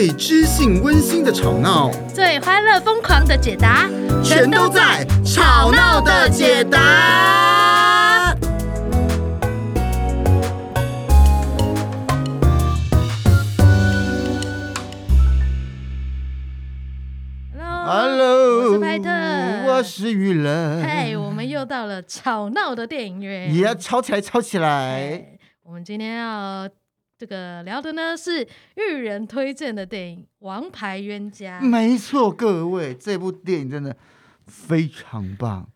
最知性溫馨的吵鬧，最歡樂瘋狂的解答，全都在《吵鬧的解答》解答。Hello，Hello，Hello，我是派特，我是譽仁。嘿、hey，我們又到了吵鬧的電影院，也、yeah，吵起來，吵起來。Hey，我們今天要。這個聊的呢是譽仁推薦的電影《王牌冤家》。沒錯，各位，這部電影真的非常棒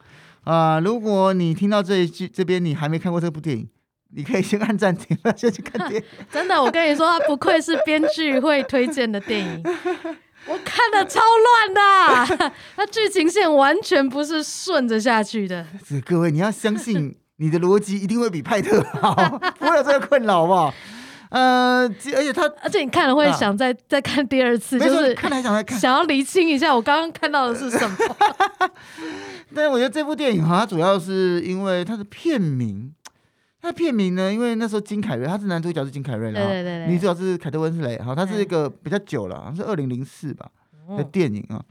啊、呃！如果你聽到這一句，這邊你還沒看過這部電影，你可以先按暫停，先去看電影。 真的，我跟你說、啊，不愧是編劇會推薦的電影， 我看的超亂的， 它劇情線完全不是順着下去的。各位，你要相信你的邏輯一定會比派特好， 不會有這個困擾，吧？呃，而且他，而且你看了會想再、啊、再看第二次，就是看還想再看，想要釐清一下我剛剛看到的是什麼 。 但是我覺得這部電影哈、嗯，它主要是因為它的片名，它的片名呢，因為那時候金凱瑞他是男主角是金凱瑞啦，對對對，對，女主角是凱特溫絲蕾。好，它是一個比較久了、嗯，是二零零四吧的電影啊、哦。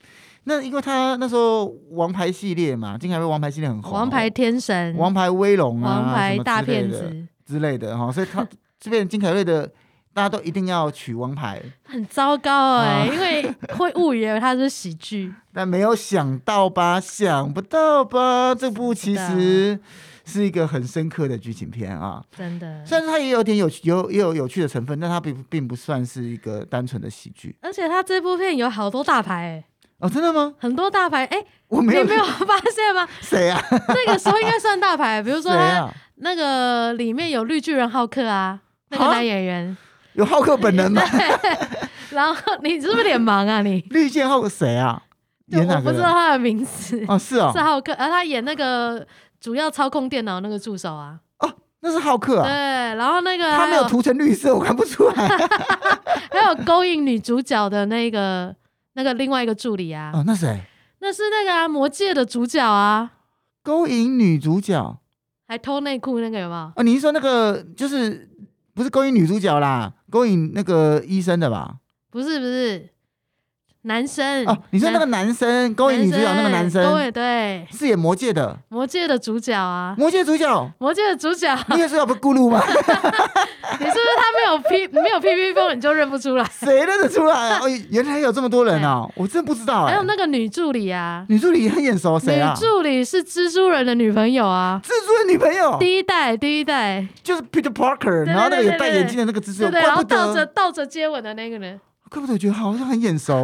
那因為它那時候王牌系列嘛，金凱瑞王牌系列很紅，王牌天神、王牌威龍啊、王牌大騙子之類的哈、哦，所以他。 這邊金凱瑞的，大家都一定要取王牌，很糟糕哎、欸，嗯，因為會誤以為它是喜劇。但沒有想到吧，想不到吧？這部其實是一個很深刻的劇情片啊，真的。雖然它也有點有有也有有趣的成分，但它並並不算是一個單純的喜劇。而且它這部片有好多大牌哎、欸，哦，真的嗎？很多大牌哎、欸，我沒有，你沒有發現嗎？誰啊？這、那個時候應該算大牌，比如說他那個裡面有綠巨人浩克啊。那個、男演員、哦、有浩克本人嗎？ 然後你是不是臉盲啊？你 綠箭浩克誰啊？演哪個？我不知道他的名字哦，是哦，是浩克，而、啊、他演那個主要操控電腦那個助手啊。哦，那是浩克、啊、對，然後那個他沒有塗成綠色，我看不出來。 還有勾引女主角的那個那個另外一個助理啊。哦，那誰？那是那個啊，魔戒的主角啊。勾引女主角，還偷內褲那個有沒有？哦，你是說那個就是？不是勾引女主角啦，勾引那個醫生的吧？不是，不是。男生哦，你說那個男生男勾引女主角那個男生，對對，飾演魔戒的魔戒的主角啊，魔戒主角，魔戒的主角，你也是要不咕嚕嗎？ 你是不是他沒有 P 沒有 P P 風你就認不出來？誰認得出來啊？ 哦、原來有這麼多人啊！欸、我真不知道、欸。還有那個女助理啊，女助理很眼熟，誰、啊、女助理是蜘蛛人的女朋友啊，蜘蛛的女朋友，第一代，第一代就是 Peter Parker，對對對對對對，然後那個有戴眼鏡的那個蜘蛛，對對，對，然後倒着倒着接吻的那個人。怪不得我覺得好像很眼熟，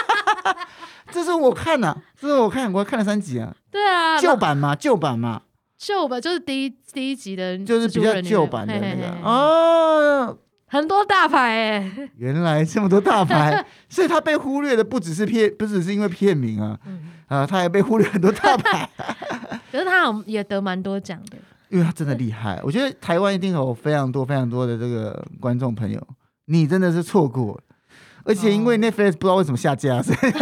這是我看吶、啊，這是我看，我看了三集啊。對啊，舊版嘛，舊版嘛。舊版就是第一第一集的，就是比較舊版的那個。嘿嘿嘿哦，很多大牌哎。原來這麼多大牌， 所以他被忽略的不只是片，不只是因為片名啊， 啊，他還被忽略很多大牌。 可是他好像也得蠻多獎的， 因為他真的厲害。我覺得台灣一定有非常多非常多的這個觀眾朋友，你真的是錯過。而且因為 Netflix 不知道為什麼下架，所以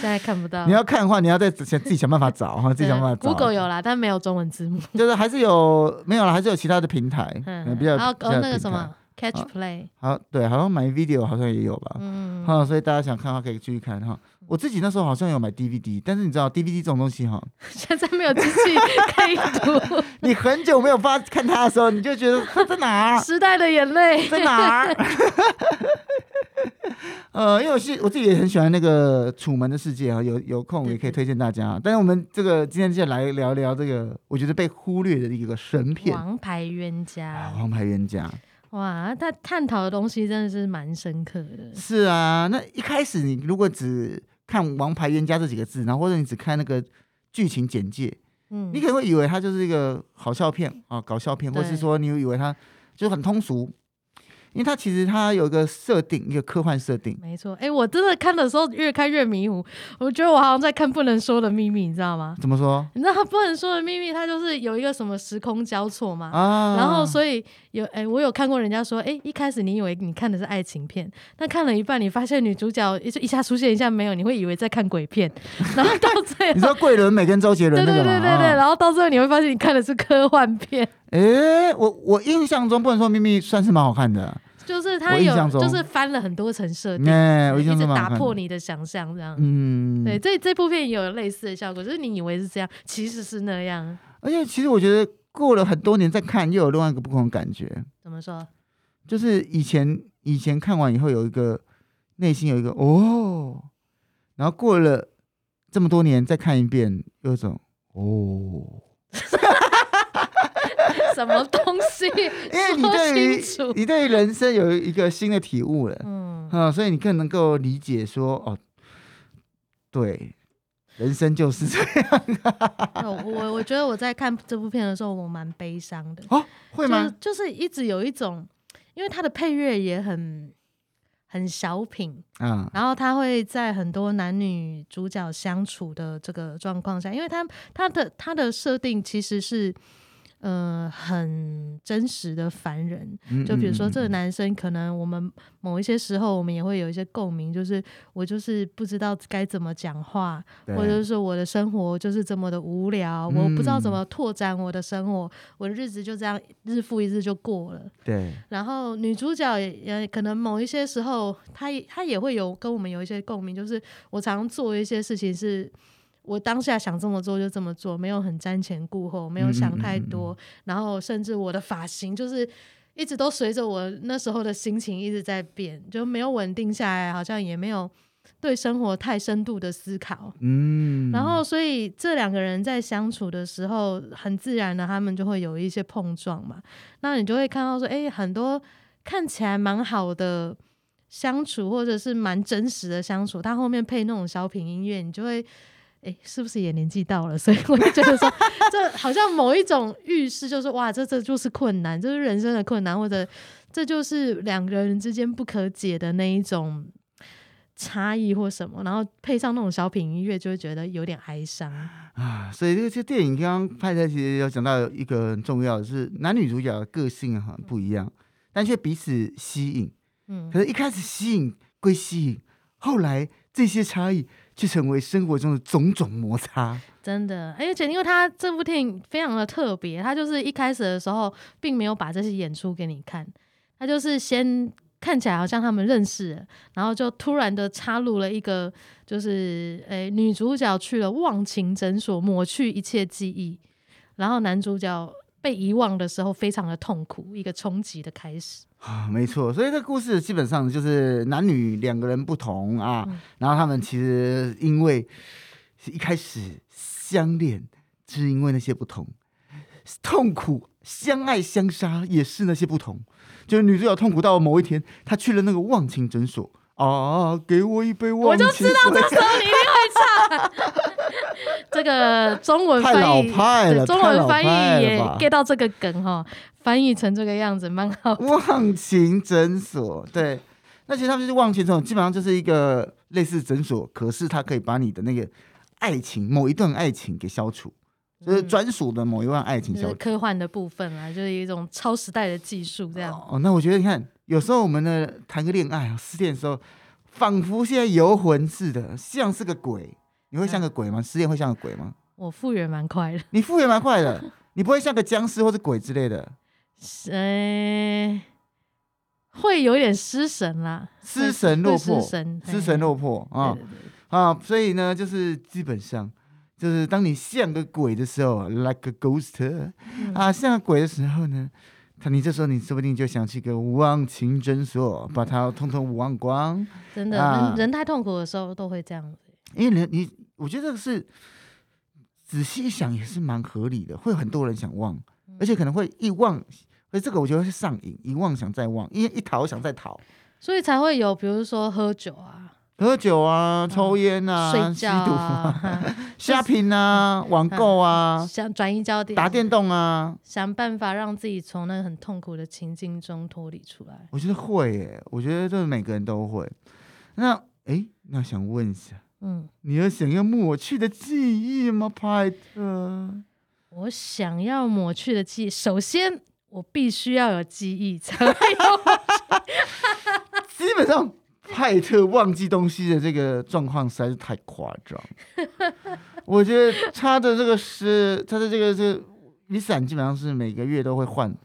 現在看不到。你要看的話，你要再想自己想辦法找哈，自己想辦法找、 啊。Google 有啦，但沒有中文字幕。就是還是有，沒有啦，還是有其他的平台，嗯、比較比較有。哦、比較有、哦、那個什麼？Catch play，、啊、好對，好像買 video 好像也有吧，嗯，好、啊。所以大家想看的話可以繼續看哈、啊。我自己那時候好像有買 DVD，但是你知道 DVD 這種東西哈、啊，現在沒有機器 可以讀。你很久沒有發 看他的時候，你就覺得他、啊、在哪兒？時代的眼淚在哪兒？呃、 啊，因為我是我自己也很喜歡那個《楚門的世界》啊，有有空我也可以推薦大家。但是我們這個今天就來聊聊這個，我覺得被忽略的一個神片《王牌冤家》啊，《王牌冤家》。哇，他探討的東西真的是蠻深刻的。是啊，那一開始你如果只看《王牌冤家》這幾個字，然後或者你只看那個劇情簡介，嗯，你可能會以為它就是一個好笑片啊，搞笑片，或是說你會以為它就很通俗。因為它其實它有一個設定，一個科幻設定。沒錯，哎，我真的看的時候越看越迷糊，我覺得我好像在看《不能說的秘密》，你知道嗎？怎麼說？你知道《不能說的秘密》它就是有一個什麼時空交錯嘛，啊，然後所以有哎，我有看過人家說，哎，一開始你以為你看的是愛情片，但看了一半你發現女主角一一下出現一下沒有，你會以為在看鬼片，然後到最後 你知道桂綸鎂跟周杰倫，對對對對對，啊，然後到最後你會發現你看的是科幻片。哎，我我印象中《不能說秘密》算是蠻好看的。就是他有，就是翻了很多層設計，一直打破你的想象，這樣。嗯，對，這這部片也有類似的效果，就是你以為是這樣，其實是那樣。而且其實我覺得過了很多年再看，又有另外一個不同的感覺。怎麼說？就是以前以前看完以後有一個內心有一個哦，然後過了這麼多年再看一遍，有種哦。 什麼東西？ 因為你對 你對人生有一個新的體悟了，嗯，嗯，所以你更能夠理解說，哦，對，人生就是這樣。 我我覺得我在看這部片的時候，我蠻悲傷的。哦，會嗎？就，就是一直有一種，因為它的配樂也很很小品啊，嗯。然後他會在很多男女主角相處的這個狀況下，因為他他的他的設定其實是。呃，很真實的凡人，就比如說這個男生，可能我們某一些時候，我們也會有一些共鳴，就是我就是不知道該怎麼講話，或者是我的生活就是這麼的無聊，嗯，我不知道怎麼拓展我的生活，我的日子就這樣日復一日就過了。對。然後女主角，也可能某一些時候她，她也她也會有跟我們有一些共鳴，就是我常做一些事情是。我當下想這麼做，就這麼做，沒有很瞻前顧後，沒有想太多。然後，甚至我的髮型就是一直都隨着我那時候的心情一直在變，就沒有穩定下來，好像也沒有對生活太深度的思考。嗯，然後，所以這兩個人在相處的時候，很自然的，他們就會有一些碰撞嘛。那你就會看到說，哎、欸，很多看起來蠻好的相處，或者是蠻真實的相處，他後面配那種小品音樂，你就會。哎，是不是也年紀到了？所以我就覺得說， 這好像某一種預示，就是哇，這這就是困難，這是人生的困難，或者這就是兩個人之間不可解的那一種差異或什麼。然後配上那種小品音樂，就會覺得有點哀傷啊。所以這個就、這個、電影剛剛拍的其實有講到一個很重要的是男女主角的個性很不一樣、嗯，但卻彼此吸引。嗯，可是一開始吸引歸吸引，後來這些差異。去成為生活中的種種摩擦，真的，而且因為他這部電影非常的特別，他就是一開始的時候並沒有把這些演出給你看，他就是先看起來好像他們認識，然後就突然的插入了一個，就是誒、欸、女主角去了忘情診所抹去一切記憶，然後男主角。被遺忘的時候，非常的痛苦，一個衝擊的開始。啊，沒錯，所以這故事基本上就是男女兩個人不同啊、嗯，然後他們其實因為一開始相戀是因為那些不同，痛苦相愛相殺也是那些不同。就是女主角痛苦到某一天，她去了那個忘情診所啊，給我一杯忘情水。我就知道這時候你 一定會唱。 這個中文翻譯，中文翻譯也 get 到這個梗哈、哦，翻譯成這個樣子蠻好。忘情診所，對，那其實他們就是忘情診所，基本上就是一個類似診所，可是他可以把你的那個愛情，某一段愛情給消除，嗯、就是專屬的某一段愛情消除。嗯就是、科幻的部分啊，就是一種超時代的技術這樣。哦，那我覺得你看，有時候我們的談個戀愛失戀的時候，仿佛現在遊魂似的，像是個鬼。你會像個鬼嗎？失戀會像個鬼嗎？我復原蠻快,快的。你復原蠻快的，你不會像個僵屍或者鬼之類的。誰？會有點失神啦，失神落魄，失神,失神落魄嘿嘿啊對對對啊！所以呢，就是基本上，就是當你像個鬼的時候，like a ghost 啊、嗯，像個鬼的時候呢，他你這時候你說不定就想去個忘情診所、嗯，把它通通忘光。真的、啊人，人太痛苦的時候都會這樣。因為你，你，我覺得這個是仔細想也是蠻合理的，會有很多人想忘，嗯、而且可能會一忘，而這個我覺得是上癮，一忘想再忘，因為一逃想再逃，所以才會有比如說喝酒啊、喝酒啊、抽煙啊、吸、嗯啊、毒啊、刷屏啊、哈哈啊嗯、網購啊、想轉移焦點、打電動啊，想辦法讓自己從那個很痛苦的情境中脫離出來。我覺得會誒、欸，我覺得這每個人都會。那哎、欸、那想問一下，嗯，你有想要抹去的記憶嗎，派特？我想要抹去的記憶，首先我必須要有記憶才。 基本上，派特忘記東西的這個狀況實在是太誇張。 我覺得他的這個是他的這個是雨傘，你基本上是每個月都會換。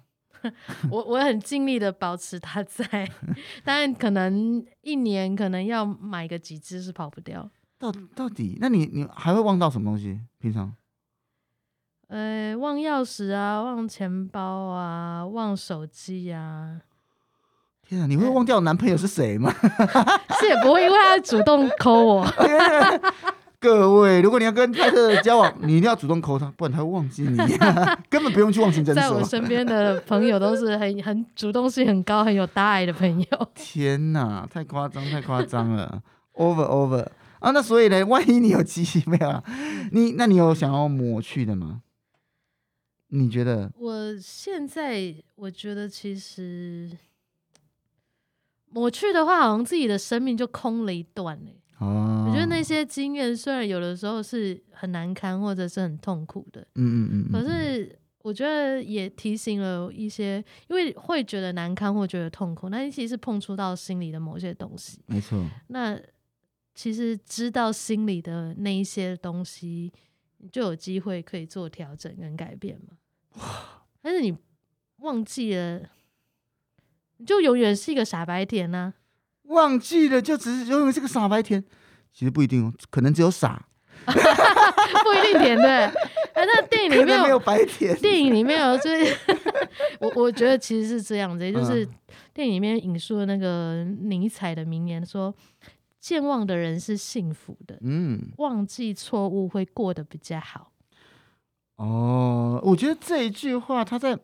我我很盡力的保持它在， 但可能一年可能要買個幾支是跑不掉。到底，那你你還會忘到什麼東西？平常，呃，忘鑰匙啊，忘錢包啊，忘手機呀、啊。天啊，你會忘掉男朋友是誰嗎？ 是也不會，因為他主動摳我。 各位，如果你要跟派特交往，你一定要主動摳他，不然他會忘記你、啊。根本不用去忘情診所。在我身邊的朋友都是很很主動性很高、很有大愛的朋友。天吶、啊，太誇張，太誇張了！Over，Over。Over, over. 啊，那所以呢？萬一你有記憶沒有啊，你那你有想要抹去的嗎？你覺得？我現在我覺得其實抹去的話，好像自己的生命就空了一段哦。我覺得那些經驗雖然有的時候是很難堪或者是很痛苦的，嗯嗯嗯,嗯嗯嗯。可是我覺得也提醒了一些，因為會覺得難堪或覺得痛苦，那你其實是碰觸到心裡的某些東西。沒錯。那。其實知道心裡的那一些東西，就有機會可以做調整跟改變嘛，哇。但是你忘記了，你就永遠是一個傻白甜呢、啊、忘記了就只是永遠是個傻白甜。其實不一定哦，可能只有傻。 不一定甜對。哎，那電影裡面沒有白甜。電影裡面有就是， 我我覺得其實是這樣子，就是電影裡面引述的那個尼采的名言說，健忘的人是幸福的，嗯，忘記錯誤會過得比較好。哦，我覺得這一句話，它在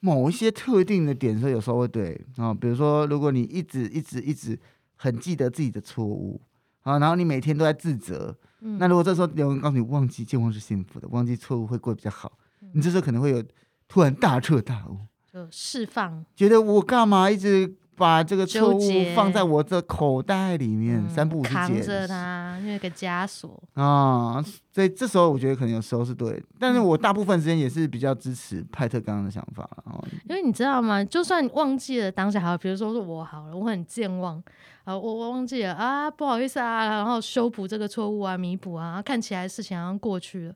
某一些特定的點說，有時候會對啊、哦。比如說，如果你一直一直一直很記得自己的錯誤啊，然後你每天都在自責、嗯，那如果這時候有人告訴你，忘記健忘是幸福的，忘記錯誤會過得比較好，嗯、你這時候可能會有突然大徹大悟，就釋放，覺得我幹嘛一直。把這個錯誤放在我的口袋裡面，嗯、三不五時扛着它，那個枷鎖啊、哦。所以這時候我覺得可能有時候是對，但是我大部分時間也是比較支持派特剛剛的想法哦，因為你知道嗎？就算忘記了當下，好，比如說是我好了，我很健忘啊，我、呃、我忘記了啊，不好意思啊，然後修補這個錯誤啊，彌補啊，看起來事情好像過去了。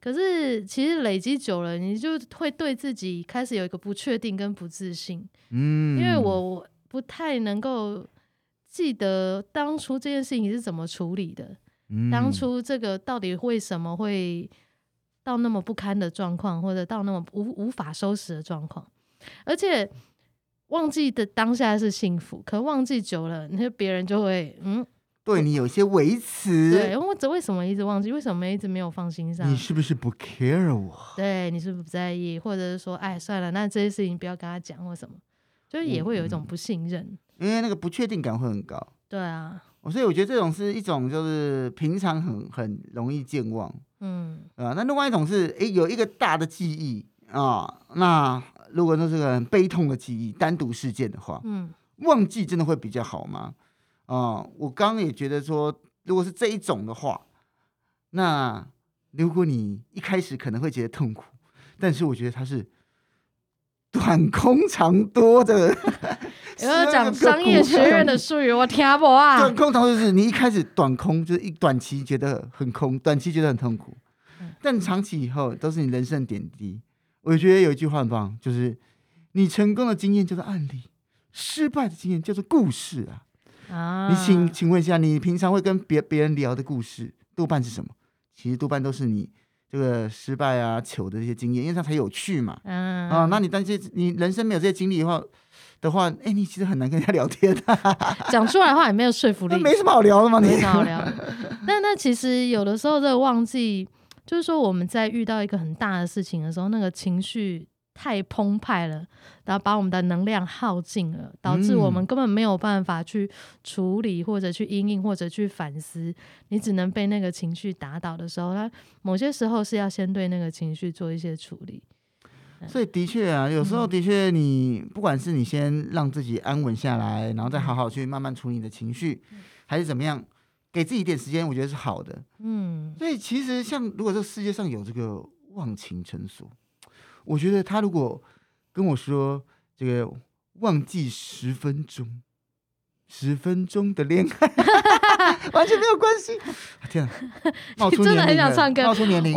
可是其實累積久了，你就會對自己開始有一個不確定跟不自信。嗯，因為我我。不太能夠記得當初這件事情是怎麼處理的、嗯，當初這個到底為什麼會到那麼不堪的狀況，或者到那麼無無法收拾的狀況？而且忘記的當下是幸福，可忘記久了，那別人就會嗯，對你有些微詞。對，我這為什麼一直忘記？為什麼一直沒有放心上？你是不是不 care 我？對，你是不是不在意？或者是說，哎，算了，那這些事情不要跟他講，或什麼？就是也會有一種不信任，嗯嗯、因為那個不確定感會很高。對啊，我所以我覺得這種是一種就是平常很很容易健忘。嗯，啊，那另外一種是，哎、欸，有一個大的記憶啊，那如果說是個很悲痛的記憶，單獨事件的話，嗯，忘記真的會比較好嗎？啊，我剛剛也覺得說，如果是這一種的話，那如果你一開始可能會覺得痛苦，嗯、但是我覺得它是。短空長多的，又要講商業學院的術語，我聽不懂啊。短空頭就是你一開始短空，就是一短期覺得很空，短期覺得很痛苦，但長期以後都是你人生的點滴。我覺得有一句話很棒，就是你成功的經驗就是案例，失敗的經驗叫做故事啊。你請請問一下，你平常會跟別別人聊的故事多半是什麼？其實多半都是你。這個失敗啊，糗的這些經驗，因為他才有趣嘛。嗯啊，那你但是你人生沒有這些經歷的話的話，哎，你其實很難跟人家聊天的。啊。講出來的話也沒有說服力，沒什麼好聊的嘛。沒什麼好聊。那 那其實有的時候這個忘記，就是說我們在遇到一個很大的事情的時候，那個情緒。太澎湃了，然後把我們的能量耗盡了，導致我們根本沒有辦法去處理，或者去因應，或者去反思。你只能被那個情緒打倒的時候，他某些時候是要先對那個情緒做一些處理。嗯、所以的確啊，有時候的確你，你不管是你先讓自己安穩下來，然後再好好去慢慢處理你的情緒，還是怎麼樣，給自己一點時間，我覺得是好的。嗯，所以其實像如果這世界上有這個忘情診所。我覺得他如果跟我說這個忘記十分鐘，十分鐘的戀愛 完全沒有關係。啊、天哪，冒出年齡 你真的很想唱歌？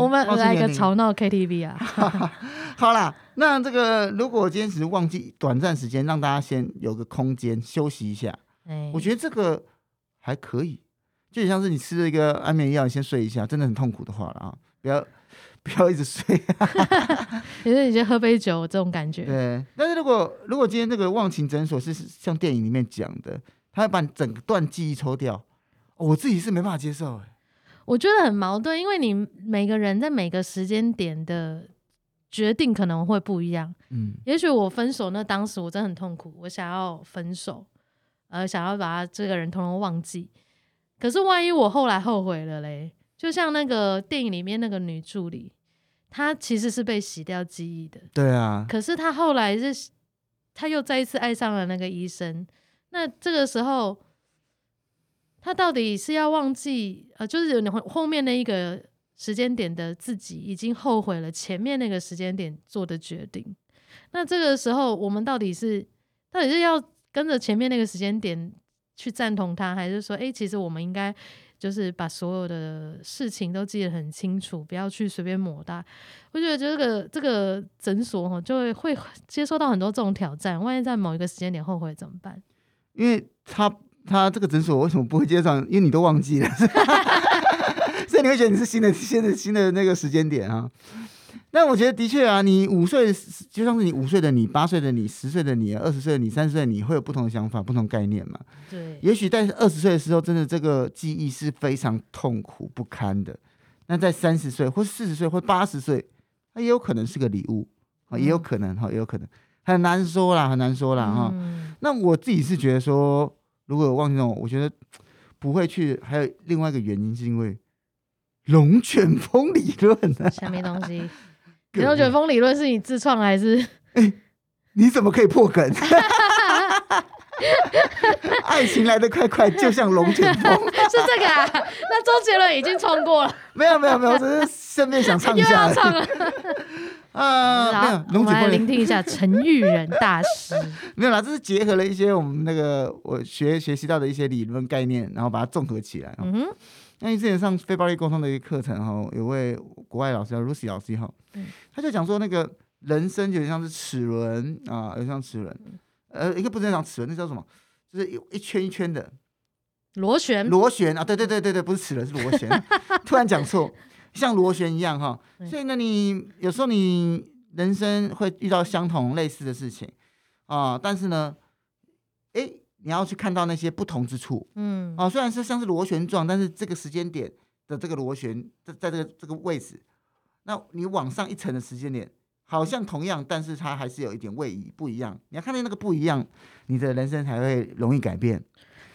我們來個吵鬧 KTV 啊！ 年 好啦，那這個如果我今天是忘記短暫時間，讓大家先有個空間休息一下、欸。我覺得這個還可以，就像是你吃了一個安眠藥先睡一下，真的很痛苦的話了啊，不要。不要一直睡，其實你先喝杯酒，這種感覺。對，但是如果如果今天這個忘情診所是像電影裡面講的，他要把你整段記憶抽掉，哦，我自己是沒辦法接受。哎，我覺得很矛盾，因為你每個人在每個時間點的決定可能會不一樣。嗯，也許我分手那當時我真的很痛苦，我想要分手，呃，想要把這個人通通忘記。可是萬一我後來後悔了嘞？就像那個電影裡面那個女助理，她其實是被洗掉記憶的。對啊，可是她後來是，她又再一次愛上了那個醫生。那這個時候，她到底是要忘記？呃，就是有後後面那一個時間點的自己已經後悔了前面那個時間點做的決定。那這個時候，我們到底是，到底是要跟着前面那個時間點去贊同她，還是說，哎，其實我們應該？就是把所有的事情都記得很清楚，不要去隨便抹掉。我覺得這個這個診所就會會接受到很多這種挑戰。萬一在某一個時間點後悔怎麼辦？因為他他這個診所為什麼不會接上，因為你都忘記了， 所以你會覺得你是新的新的新的那個時間點啊。那我覺得的確啊，你五歲就像是你五歲的你、八歲的你、十歲的你、二十歲的你、三十歲的你會有不同的想法、不同概念嘛？對。也許在二十歲的時候，真的這個記憶是非常痛苦不堪的。那在三十歲、或四十歲、或八十歲，它也有可能是個禮物，也有可能哈，也有可能很難說啦，很難說啦。哈、嗯。那我自己是覺得說，如果有忘記那種，我覺得不會去。還有另外一個原因，是因為龍捲風理論、啊，下面東西。龍捲風理論是你自創還是？欸，你怎麼可以破梗？ 愛情來得快快，就像龍捲風， 是這個啊？那周杰倫已經唱過了。沒有沒有沒有，只是順便想唱一下。又要唱啊？啊、呃！沒有，我們來聆聽一下陳譽仁大師。 沒有啦，這是結合了一些我們那個我學學習到的一些理論概念，然後把它綜合起來、哦、嗯那你之前上非暴力溝通的一個課程哈，有位國外老師叫 Lucy 老師哈，嗯，他就講說那個人生有點像是齒輪啊，有點像齒輪，呃，一個不正常齒輪，那叫什麼？就是有一圈一圈的螺旋，螺旋啊，對對對對對，不是齒輪是螺旋， 突然講錯，像螺旋一樣哈。所以呢，你有時候你人生會遇到相同類似的事情啊，但是呢。你要去看到那些不同之處，嗯，哦、啊，雖然是像是螺旋狀，但是這個時間點的這個螺旋在在這個這個位置，那你往上一層的時間點好像同樣，但是它還是有一點位移不一樣。你要看到那個不一樣，你的人生才會容易改變。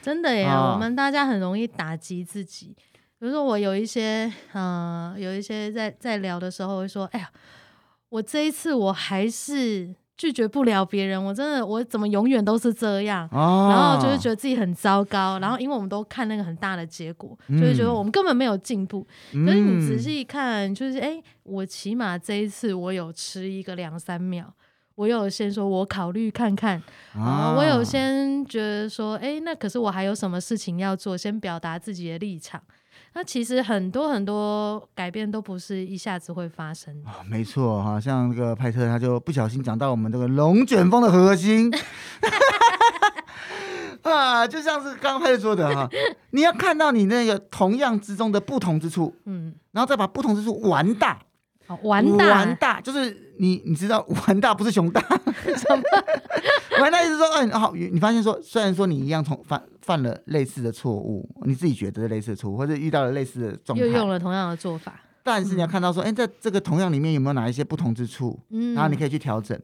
真的耶，啊、我們大家很容易打擊自己。比如說我有一些，嗯、呃，有一些在在聊的時候會說，哎呀，我這一次我還是。拒絕不了別人，我真的，我怎麼永遠都是這樣？啊。然後就是覺得自己很糟糕。然後因為我們都看那個很大的結果，嗯、就是覺得我們根本沒有進步。嗯、可是你仔細看，就是哎、欸，我起碼這一次我有遲疑個兩三秒，我有先說，我考慮看看啊，我有先覺得說，哎、欸，那可是我還有什麼事情要做，先表達自己的立場。那其實很多很多改變都不是一下子會發生的。哦，沒錯哈，像那個派特，他就不小心講到我們這個龍捲風的核心 啊，就像是剛派特說的哈，你要看到你那個同樣之中的不同之處，嗯， 然後再把不同之處玩大。哦、玩大，玩大就是你，你知道玩大不是熊大， 什麼，玩大意思是說，嗯、欸，好，你，你發現說，雖然說你一樣從犯犯了類似的錯誤，你自己覺得類似的錯誤，或者遇到了類似的狀態，又用了同樣的做法，但是你要看到說，哎、嗯欸，在這個同樣裡面有沒有哪一些不同之處，嗯、然後你可以去調整，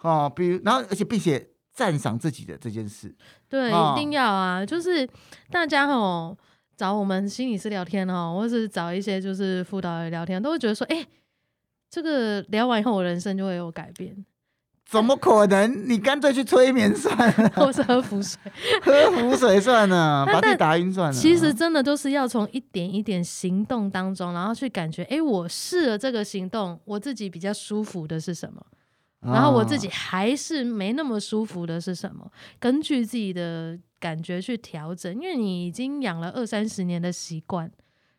哦，比如，然後而且並且讚賞自己的這件事，對，哦、一定要啊，就是大家哦，找我們心理師聊天哦，或是找一些就是輔導員聊天，都會覺得說，哎、欸。這個聊完以後，我人生就會有改變？怎麼可能？你乾脆去催眠算了， 或是喝符水， 喝符水算了，把自己打暈算了。其實真的都是要從一點一點行動當中，然後去感覺，哎，我試了這個行動，我自己比較舒服的是什麼？然後我自己還是沒那麼舒服的是什麼？根據自己的感覺去調整。因為你已經養了二三十年的習慣，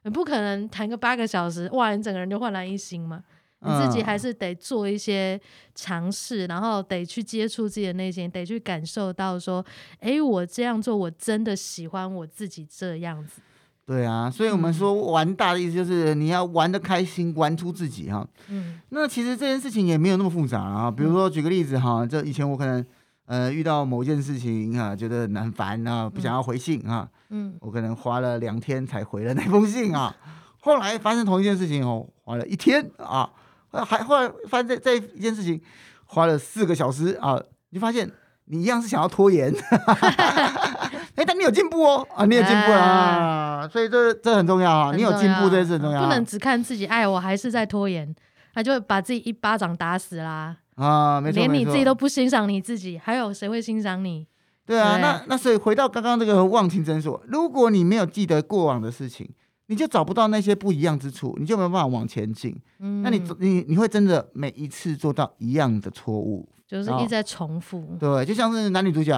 你不可能談個八個小時，哇，你整個人就煥然一新嘛。你自己還是得做一些嘗試，嗯，然後得去接觸自己的內心，得去感受到說，哎，我這樣做，我真的喜歡我自己這樣子。對啊，所以我們說玩大的意思就是、嗯、你要玩得開心，玩出自己哈。嗯，那其實這件事情也沒有那麼複雜啊。比如說舉個例子哈、啊，就以前我可能呃遇到某件事情啊，覺得難煩啊，不想要回信啊，嗯，我可能花了兩天才回了那封信啊。嗯、後來發生同一件事情哦，花了一天啊。還後來發現，這一件事情花了四個小時啊，你發現你一樣是想要拖延。哎、 欸，但你有進步哦，啊，你有進步啦、啊、所以這這很重要啊，要你有進步這是很重要、啊。不能只看自己，哎，我還是在拖延，他就會把自己一巴掌打死啦。啊，沒錯，連你自己都不欣賞你自己，還有誰會欣賞你？對啊，對那那所以回到剛剛這個忘情診所，如果你沒有記得過往的事情。你就找不到那些不一樣之處，你就沒有辦法往前進。嗯，那你你你會真的每一次做到一樣的錯誤，就是一直在重複、啊。對，就像是男女主角，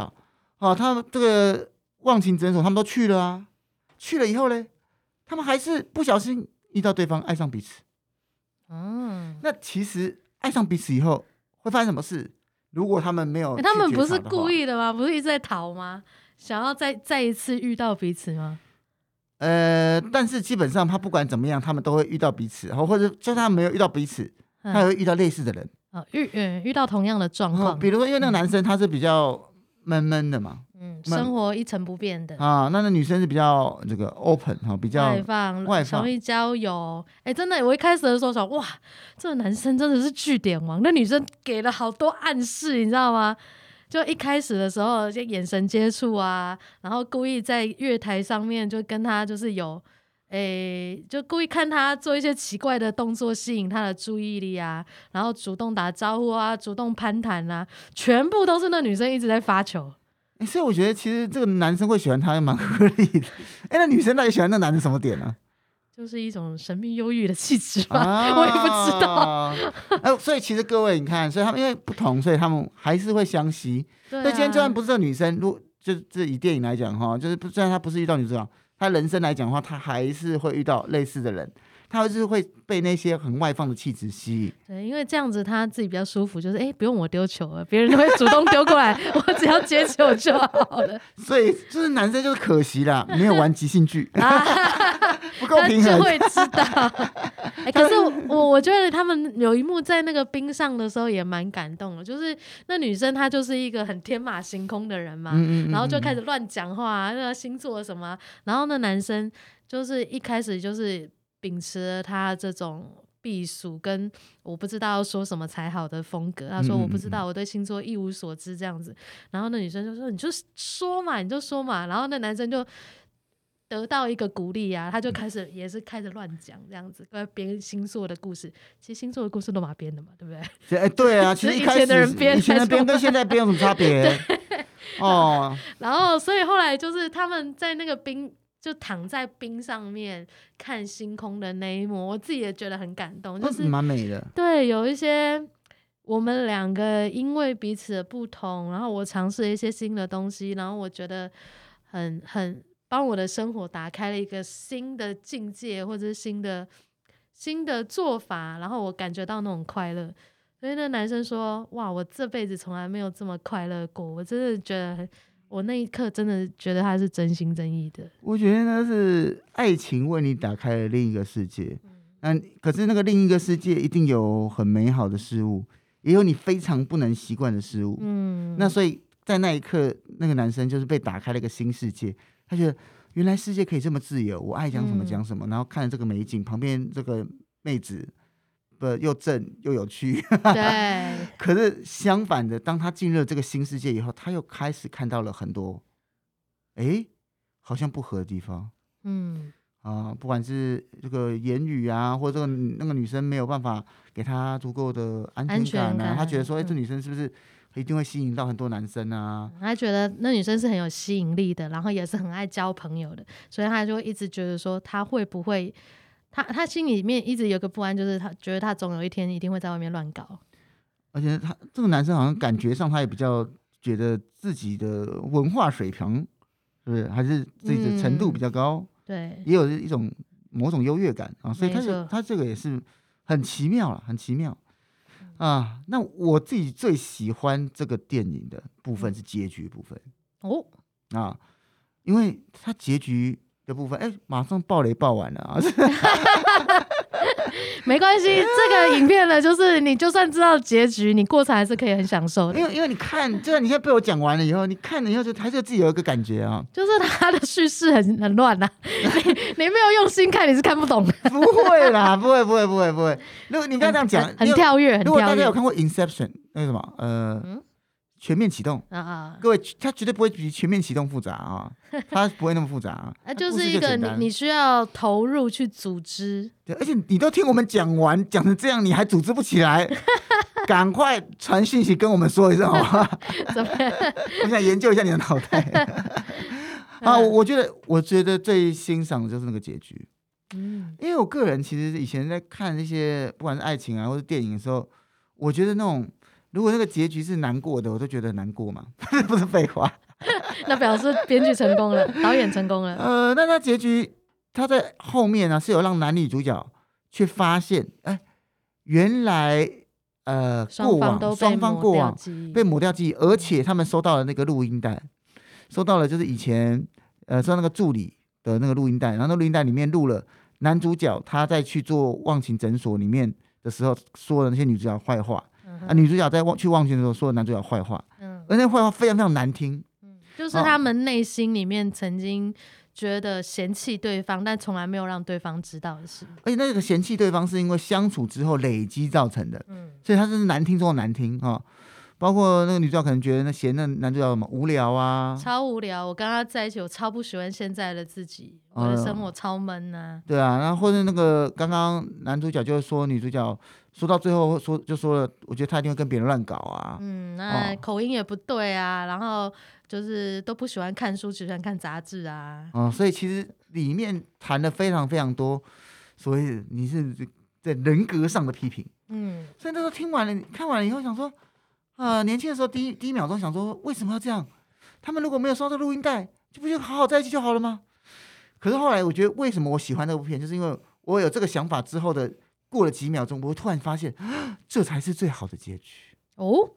啊，他們這個忘情診所他們都去了啊，去了以後呢，他們還是不小心遇到對方，愛上彼此。嗯，那其實愛上彼此以後會發生什麼事？如果他們沒有、欸，他們不是故意的嗎？不是一直在逃嗎？想要再再一次遇到彼此嗎？呃，但是基本上他不管怎麼樣，他們都會遇到彼此，或者就算他沒有遇到彼此，嗯、他也會遇到類似的人啊遇嗯遇到同樣的狀況。嗯、比如說，因為那個男生他是比較悶悶的嘛，嗯，生活一成不變的啊、嗯。那個女生是比較這個 open 哈、哦，比較外放，容易交友。哎、欸，真的，我一開始的時候想哇，這個男生真的是句點王，那女生給了好多暗示，你知道嗎？就一開始的時候，就眼神接觸啊，然後故意在月台上面就跟他就是有，誒、欸，就故意看他做一些奇怪的動作，吸引他的注意力啊，然後主動打招呼啊，主動攀談啊，全部都是那女生一直在發球。欸、所以我覺得其實這個男生會喜歡她蠻合理的。誒、欸，那女生到底喜歡那男生什麼點呢、啊？就是一種神秘憂鬱的氣質吧，啊、 我也不知道 哎、呃，所以其實各位，你看，所以他們因為不同，所以他們還是會相吸。對啊、所以今天就算不是個女生，如果就是以電影來講哈，就是不雖然他不是遇到女主角，他人生來講的話，他還是會遇到類似的人，他就是會被那些很外放的氣質吸引。對，因為這樣子他自己比較舒服，就是哎、欸，不用我丟球了，別人都會主動丟過來， 我只要接球就好了。所以就是男生就是可惜啦，沒有玩即興劇。 他就會知道， 欸、可是我我覺得他們有一幕在那個冰上的時候也蠻感動的，就是那女生她就是一個很天馬行空的人嘛，嗯嗯嗯，然後就開始亂講話、啊，那個星座什麼、啊，然後那男生就是一開始就是秉持他這種避暑跟我不知道要說什麼才好的風格，他說，我不知道，我對星座一無所知這樣子，然後那女生就說，你就說嘛你就說嘛，然後那男生就。得到一個鼓勵啊，他就開始也是開始亂講這樣子，編、嗯、星座的故事。其實星座的故事都蠻編的嘛，對不對？哎、欸，對啊，其實一開始 以前的人編，以前的人編跟現在編有什麼差別 哦。然後，然後所以後來就是他們在那個冰，就躺在冰上面看星空的那一幕，我自己也覺得很感動，就是蠻、嗯、美的。對，有一些我們兩個因為彼此的不同，然後我嘗試一些新的東西，然後我覺得很很。幫我的生活打開了一個新的境界，或者是新的新的做法，然後我感覺到那種快樂。所以那男生說：“哇，我這輩子從來沒有這麼快樂過！我真的覺得，我那一刻真的覺得他是真心真意的。”我覺得那是愛情為你打開了另一個世界。嗯。可是那個另一個世界一定有很美好的事物，也有你非常不能習慣的事物。嗯。那所以在那一刻，那個男生就是被打開了一個新世界。他覺得原來世界可以這麼自由，我愛講什麼講什麼，嗯、然後看這個美景，旁邊這個妹子不又正又有趣？ 對。可是相反的，當他進入這個新世界以後，他又開始看到了很多，哎，好像不合的地方。嗯。啊、呃，不管是這個言語啊，或者這個那個女生沒有辦法給他足夠的安、啊、安全感啊，他覺得說，哎、欸嗯，這女生是不是一定會吸引到很多男生啊？他覺得那女生是很有吸引力的，然後也是很愛交朋友的，所以他就一直覺得說，他會不會，他他心裡面一直有個不安，就是他覺得他總有一天一定會在外面亂搞。而且他這個男生好像感覺上他也比較覺得自己的文化水平，是不是？還是自己的程度比較高？嗯對，也有一種某種優越感啊，所以他這他這個也是很奇妙了、啊，很奇妙啊。那我自己最喜歡這個電影的部分是結局部分啊哦啊，因為他結局的部分，哎、欸，馬上爆雷爆完了啊。 沒關係，這個影片呢，就是你就算知道結局，你過程還是可以很享受的。因為因為你看，就算你現在被我講完了以後，你看了以後就，就他就自己有一個感覺啊、哦，就是他的敘事很很亂啊。 你你沒有用心看，你是看不懂的。不會啦，不會不會不會不會。如果你剛要這樣講、嗯，很跳躍，很跳躍。如果大家有看過《Inception》，那是什麼、呃、嗯。全面啟動啊！Uh -uh. 各位，他絕對不會比全面啟動複雜啊，他不會那麼複雜啊。 就，啊就是一個你你需要投入去組織。對，而且你都聽我們講完，講成這樣你還組織不起來，趕 快傳訊息跟我們說一聲好不好？ 怎麼樣？ 我想研究一下你的腦袋。啊， 我覺得，我覺得最欣賞的就是那個結局。嗯。因為我個人其實以前在看那些不管是愛情啊或者電影的時候，我覺得那種。如果那個結局是難過的，我都覺得很難過嘛， 不是廢廢話。 那表示編劇成功了， 導演成功了。呃，那他結局他在後面呢、啊、是有讓男女主角去發現，哎、欸，原來呃過往雙方過往摸掉被抹掉記憶，而且他們收到了那個錄音帶，收到了就是以前呃收到那個助理的那個錄音帶，然後那錄音帶裡面錄了男主角他在去做忘情診所裡面的時候說的那些女主角壞話。啊，女主角在忘去忘記的時候說男主角壞話，嗯，而那壞話非常非常難聽，嗯，就是他們內心裡面曾經覺得嫌棄對方，哦、但從來沒有讓對方知道的事。而且那個嫌棄對方是因為相處之後累積造成的，嗯，所以他真是難聽中的難聽、哦包括那個女主角可能覺得那嫌那男主角什麼無聊啊，超無聊。我跟他在一起，我超不喜歡現在的自己，我的生活超悶吶、啊嗯。對啊，然後或者那個剛剛男主角就說女主角，說到最後說就說了，我覺得他一定會跟別人亂搞啊。嗯，那口音也不對啊、哦，然後就是都不喜歡看書，只喜歡看雜誌啊。嗯，所以其實裡面談的非常非常多，所以你是在人格上的批評。嗯，所以那時候聽完了、看完了以後，想說。啊、呃，年輕的時候第，第一第一秒鐘想說為什麼要這樣？他們如果沒有燒這錄音帶，就不就好好在一起就好了嗎？可是後來，我覺得為什麼我喜歡這部片，就是因為我有這個想法之後的，過了幾秒鐘，我突然發現，這才是最好的結局哦。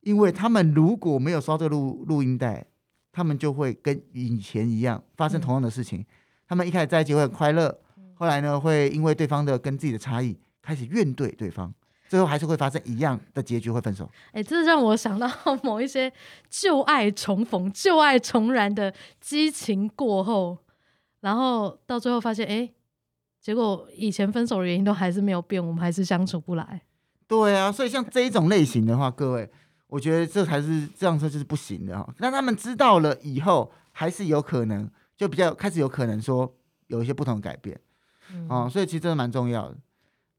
因為他們如果沒有燒這錄錄音帶，他們就會跟以前一樣發生同樣的事情。嗯、他們一開始在一起會很快樂，後來呢，會因為對方的跟自己的差異開始怨懟對方。最後還是會發生一樣的結局，會分手。哎、欸，這讓我想到某一些舊愛重逢，舊愛重燃的激情過後，然後到最後發現，哎、欸，結果以前分手的原因都還是沒有變，我們還是相處不來。對啊，所以像這一種類型的話，各位，我覺得這才是這樣說就是不行的哈、哦。那他們知道了以後，還是有可能就比較開始有可能說有一些不同的改變，嗯、哦，所以其實真的蠻重要的。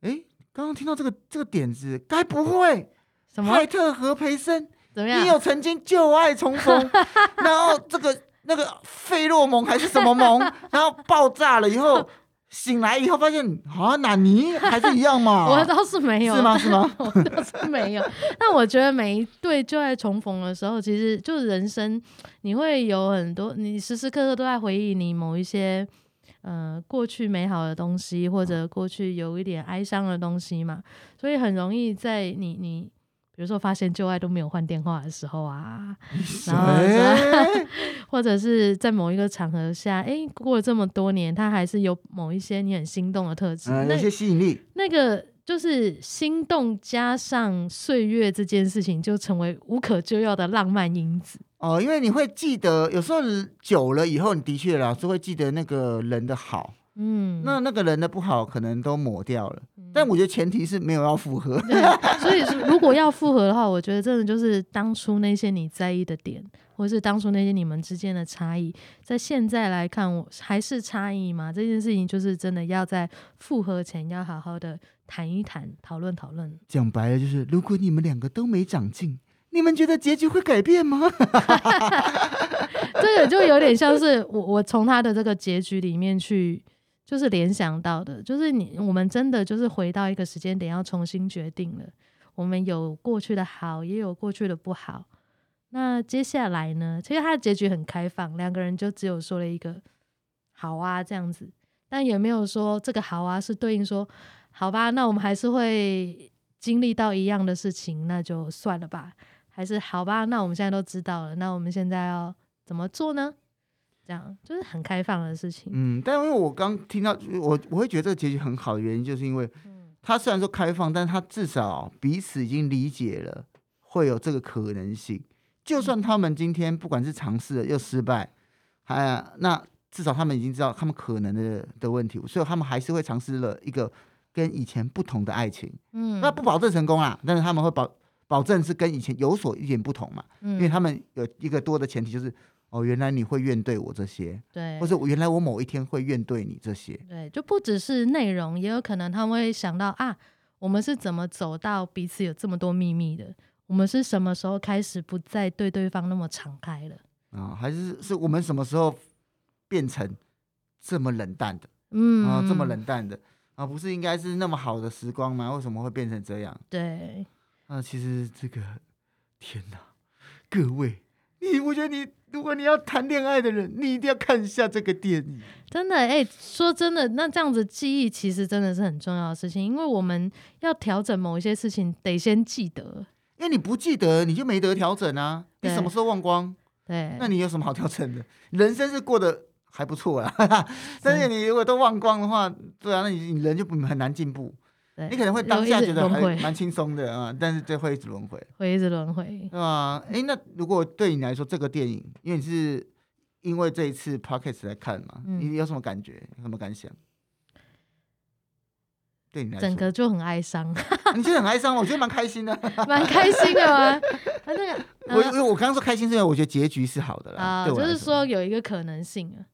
哎、欸。剛剛聽到這個這個點子，該不會？什麼？派特和培申？怎樣？你有曾經舊愛重逢， 然後這個那個費洛蒙還是什麼蒙， 然後爆炸了以後， 醒來以後發現啊，納尼還是一樣嘛？ 我倒是沒有。是嗎？是嗎？是嗎 我倒是沒有。但我覺得每一對舊愛重逢的時候，其實就是人生你會有很多，你時時刻刻都在回憶你某一些。呃、嗯，過去美好的東西，或者過去有一點哀傷的東西嘛，所以很容易在你你，比如說發現舊愛都沒有換電話的時候啊，然後或者是在某一個場合下，哎、欸，過了這麼多年，他還是有某一些你很心動的特質、嗯，那些吸引力，那個。就是心動加上歲月這件事情，就成為無可救藥的浪漫因子。哦，因為你會記得，有時候久了以後，你的確老是會記得那個人的好。嗯，那那個人的不好可能都抹掉了，嗯、但我覺得前提是沒有要復合 對。所以如果要復合的話，我覺得真的就是當初那些你在意的點，或者是當初那些你們之間的差異，在現在來看，我還是差異嗎？這件事情就是真的要在復合前要好好的談一談，討論討論。講白了，就是如果你們兩個都沒長進，你們覺得結局會改變嗎？ 這個就有點像是我，我從他的這個結局裡面去。就是聯想到的，就是你我們真的就是回到一個時間點，要重新決定了。我們有過去的好，也有過去的不好。那接下來呢？其實他的結局很開放，兩個人就只有說了一個“好啊”這樣子，但也沒有說這個“好啊”是對應說“好吧”。那我們還是會經歷到一樣的事情，那就算了吧。還是好吧，那我們現在都知道了，那我們現在要怎麼做呢？這樣就是很開放的事情。嗯，但因為我剛聽到我我會覺得這個結局很好的原因，就是因為，他雖然說開放，但他至少彼此已經理解了會有這個可能性。就算他們今天不管是嘗試了又失敗，還、嗯呃、那至少他們已經知道他們可能的的問題，所以他們還是會嘗試了一個跟以前不同的愛情。嗯，那不保證成功啦、啊，但是他們會保。保證是跟以前有所一點不同嘛，嗯，因為他們有一個多的前提就是，哦，原來你會怨對我這些，對，或者原來我某一天會怨對你這些，對，就不只是內容，也有可能他們會想到啊，我們是怎麼走到彼此有這麼多秘密的？我們是什麼時候開始不再對對方那麼敞開了？啊，哦，還是是我們什麼時候變成這麼冷淡的？嗯，啊，哦，這麼冷淡的啊，哦，不是應該是那麼好的時光嗎？為什麼會變成這樣？對。那、啊、其實這個，天哪，各位，你我覺得你如果你要談戀愛的人，你一定要看一下這個電影。真的哎、欸欸，說真的，那這樣子記憶其實真的是很重要的事情，因為我們要調整某一些事情，得先記得。因為你不記得，你就沒得調整啊。你什麼時候忘光？對。對那你有什麼好調整的？人生是過得還不錯啊， 但是你如果都忘光的話，對啊，那你你人就不很難進步。你可能會當下覺得還蠻輕鬆的啊，但是這會一直輪迴， 會一直輪迴，是、啊、哎、欸，那如果對你來說這個電影，因為你是因為這一次 podcast 來看嘛、嗯，你有什麼感覺？有什麼感想？對你來說整個就很哀傷、啊，你現在很哀傷嗎？我覺得蠻開心的，蠻 開心的嗎？ 啊、那個，啊、我我剛剛說開心是因為我覺得結局是好的啦、啊我，就是說有一個可能性啊，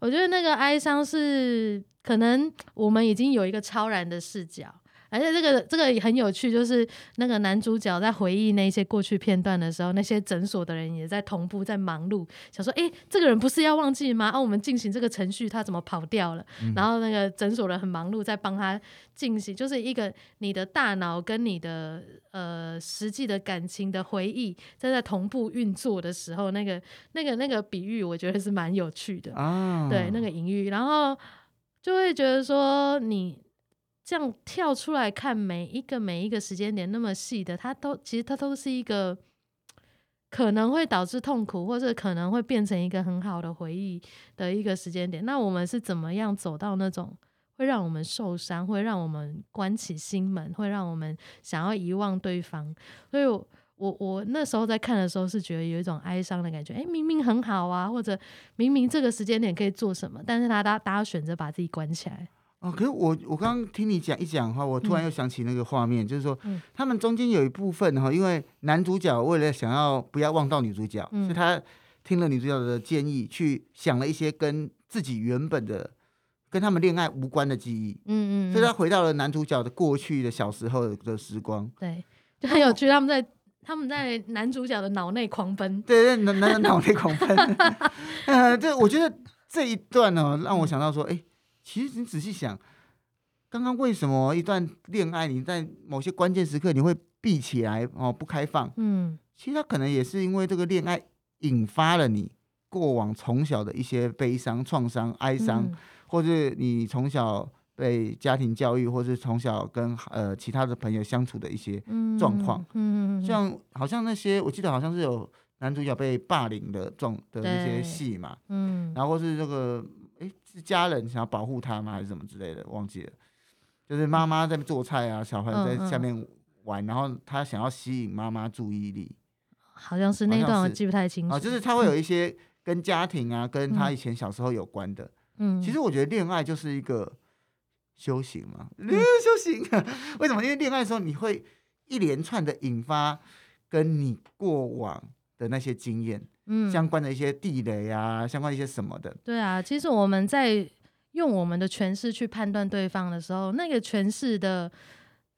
我覺得那個哀傷是。可能我們已經有一個超然的視角，而、哎、且、那個、這個這個也很有趣，就是那個男主角在回憶那些過去片段的時候，那些診所的人也在同步在忙碌，想說：“誒，這個人不是要忘記嗎？哦、啊，我們進行這個程序，他怎麼跑掉了？”嗯、然後那個診所的人很忙碌，在幫他進行，就是一個你的大腦跟你的呃實際的感情的回憶在在同步運作的時候，那個那個那個比喻，我覺得是蠻有趣的、啊、對，那個隱喻，然後。就會覺得說，你這樣跳出來看每一個每一個時間點，那麼細的，它都其實它都是一個可能會導致痛苦，或者可能會變成一個很好的回憶的一個時間點。那我們是怎麼樣走到那種會讓我們受傷，會讓我們關起心門，會讓我們想要遺忘對方。所以我。我我那時候在看的時候是覺得有一種哀傷的感覺，哎、欸，明明很好啊，或者明明這個時間點可以做什麼，但是他他大，大家選擇把自己關起來。哦，可是我我剛剛聽你講一講哈，我突然又想起那個畫面、嗯，就是說，他們中間有一部分哈，因為男主角為了想要不要忘掉女主角、嗯，所以他聽了女主角的建議，去想了一些跟自己原本的跟他們戀愛無關的記憶。嗯，嗯嗯，所以他回到了男主角的過去的小時候的時光。對，就很有趣，哦、他們在。他們在男主角的腦內狂奔。對，對，男男主角腦內狂奔。 呃，這我覺得這一段呢、喔，讓我想到說，哎、欸，其實你仔細想，剛剛為什麼一段戀愛，你在某些關鍵時刻你會閉起來哦、喔，不開放？嗯，其實他可能也是因為這個戀愛引發了你過往從小的一些悲傷、創傷、哀傷、嗯，或者你從小。被家庭教育，或是從小跟呃其他的朋友相處的一些狀況、嗯嗯嗯，像好像那些，我記得好像是有男主角被霸凌的狀的一些戲嘛，嗯，然後或是這個、欸，是家人想要保護他嗎？還是什麼之類的，忘記了，就是媽媽在做菜啊，嗯、小孩在下面玩，嗯嗯，然後他想要吸引媽媽注意力，好像是那一段是我記不太清楚。啊，就是他會有一些跟家庭啊、嗯，跟他以前小時候有關的，嗯，其實我覺得戀愛就是一個。修行嗎？嗯，修行。為什麼？因為戀愛的時候，你會一連串的引發跟你過往的那些經驗、嗯、相關的一些地雷啊、相關一些什麼的。對啊，其實我們在用我們的詮釋去判斷對方的時候，那個詮釋的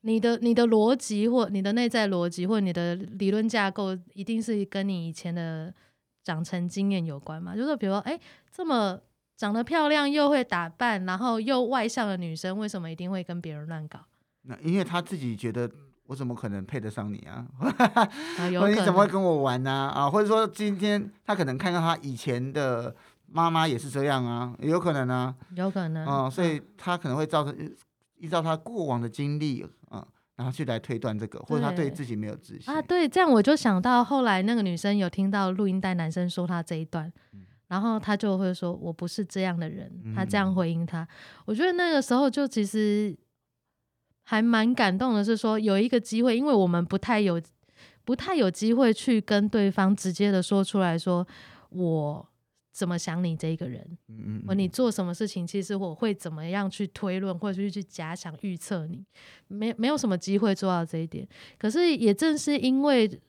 你的你的邏輯或你的內在邏輯或你的理論架構，一定是跟你以前的長成經驗有關嘛。就是比如說，哎、欸，這麼。長得漂亮又會打扮，然後又外向的女生，為什麼一定會跟別人亂搞？那因為她自己覺得，我怎麼可能配得上你啊？為 什、啊、你怎麼會跟我玩呢、啊？啊，或者說今天她可能看到她以前的媽媽也是這樣啊，也有可能啊，有可能啊、嗯，所以她可能會造成依照她過往的經歷啊，然後去來推斷這個，或者她對自己沒有自信啊。對，這樣我就想到後來那個女生有聽到錄音帶，男生說她這一段。然後他就會說：“我不是這樣的人。”他這樣回應他。嗯嗯嗯，我覺得那個時候就其實還蠻感動的，是說有一個機會，因為我們不太有、不太有機會去跟對方直接的說出來說我怎麼想你這一個人，嗯嗯嗯，我你做什麼事情，其實我會怎麼樣去推論，或者去去假想預測你，沒沒有什麼機會做到這一點。可是也正是因為，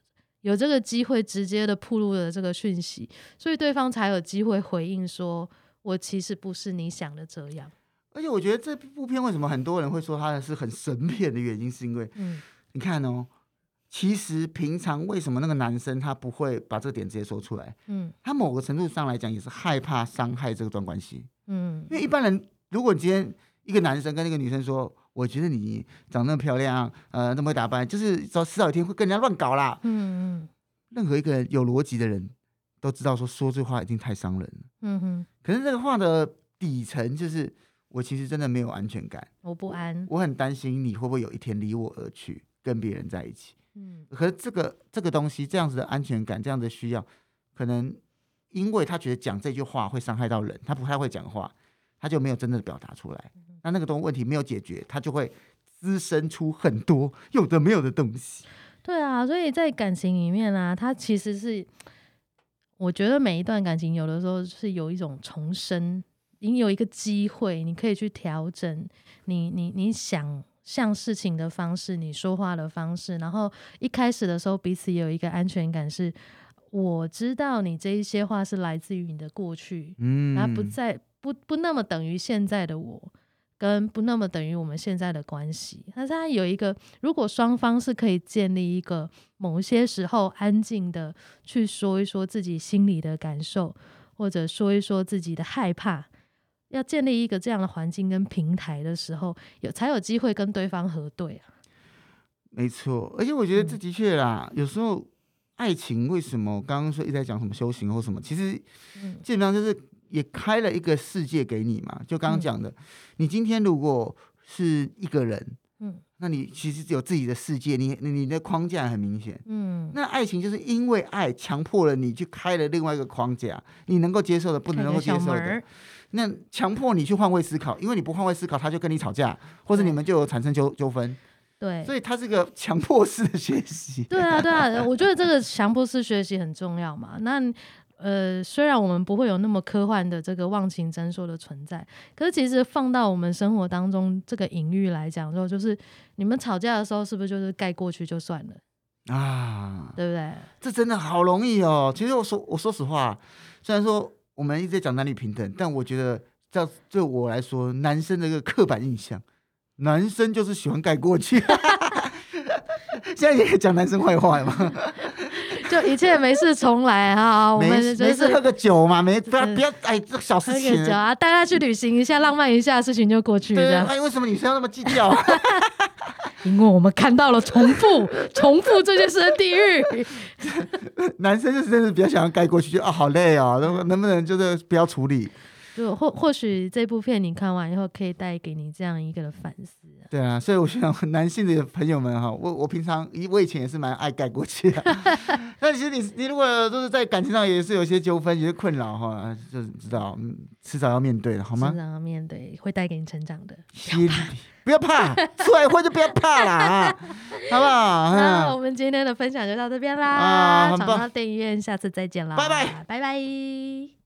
有這個機會直接的曝露了這個訊息，所以對方才有機會回應說：“我其實不是你想的這樣。”而且我覺得這部片為什麼很多人會說它是很神片的原因，是因為，嗯，你看哦，其實平常為什麼那個男生他不會把這個點直接說出來？嗯，他某個程度上來講也是害怕傷害這個段關係。嗯，因為一般人如果你今天一個男生跟那個女生說，我覺得你長那麼漂亮，呃，那麼會打扮，就是早遲早有一天會跟人家亂搞啦。嗯，嗯。任何一個人有邏輯的人都知道，說說這話已經太傷人了。嗯哼。可是這個話的底層就是，我其實真的沒有安全感。我不安。我很擔心你會不會有一天離我而去，跟別人在一起。嗯。可是這個這個東西，這樣子的安全感，這樣子的需要，可能因為他覺得講這句話會傷害到人，他不太會講話，他就沒有真的表達出來。那那個東問題沒有解決，它就會滋生出很多有的沒有的東西。對啊，所以在感情裡面啊，它其實是我覺得每一段感情有的時候是有一種重生，你有一個機會，你可以去調整你你你想象事情的方式，你說話的方式。然後一開始的時候，彼此也有一個安全感是，是我知道你這一些話是來自於你的過去，嗯，然後不再不不那麼等於現在的我。跟不那麼等於我們現在的關係，那他有一個，如果雙方是可以建立一個某些時候安靜的去說一說自己心裡的感受，或者說一說自己的害怕，要建立一個這樣的環境跟平台的時候，有才有機會跟對方核對啊。沒錯，而且我覺得這的確啦，嗯，有時候愛情為什麼剛剛說一直在講什麼修行或什麼，其實基本上就是。也開了一個世界給你嘛，就剛剛講的、嗯，你今天如果是一個人，嗯，那你其實有自己的世界，你你的框架很明顯，嗯，那愛情就是因為愛強迫了你去開了另外一個框架，你能夠接受的，不能夠接受的，那強迫你去換位思考，因為你不換位思考，他就跟你吵架，或者你們就有產生糾糾紛，對，所以他是個強迫式的學習，對啊對啊，我覺得這個強迫式學習很重要嘛，那。呃，雖然我們不會有那麼科幻的這個忘情診所的存在，可是其實放到我們生活當中這個隱喻來講，說就是你們吵架的時候，是不是就是蓋過去就算了啊？對不對？這真的好容易哦。其實我，我說我說實話，雖然說我們一直在講男女平等，但我覺得這樣對我來說，男生的一個刻板印象，男生就是喜歡蓋過去。 現在也講男生壞話嘛。 就一切沒事重來啊、 哦，我們、就是、沒事喝個酒嘛，沒事不要不要哎，這小事情喝個酒啊，帶他去旅行一下，嗯、浪漫一下，事情就過去了。那為什麼女生要那麼計較？ 因為我們看到了重複， 重複這件事的地獄 。男生就是真的比較想要蓋過去，就啊、哦、好累啊、哦，能能不能就是不要處理？就或或許這部片你看完以後，可以帶給你這樣一個的反思。對啊，所以我想男性的朋友們哈，我我平常我以前也是蠻愛蓋過去的， 但其實你你如果就是在感情上也是有些糾紛，有些困擾哈，就知道遲早要面對的，好嗎？遲早要面對，會帶給你成長的。不要， 不要怕，出來混就不要怕啦啊， 好不好？那我們今天的分享就到這邊啦，吵，啊、鬧電影院，下次再見啦，拜拜，拜拜。拜拜。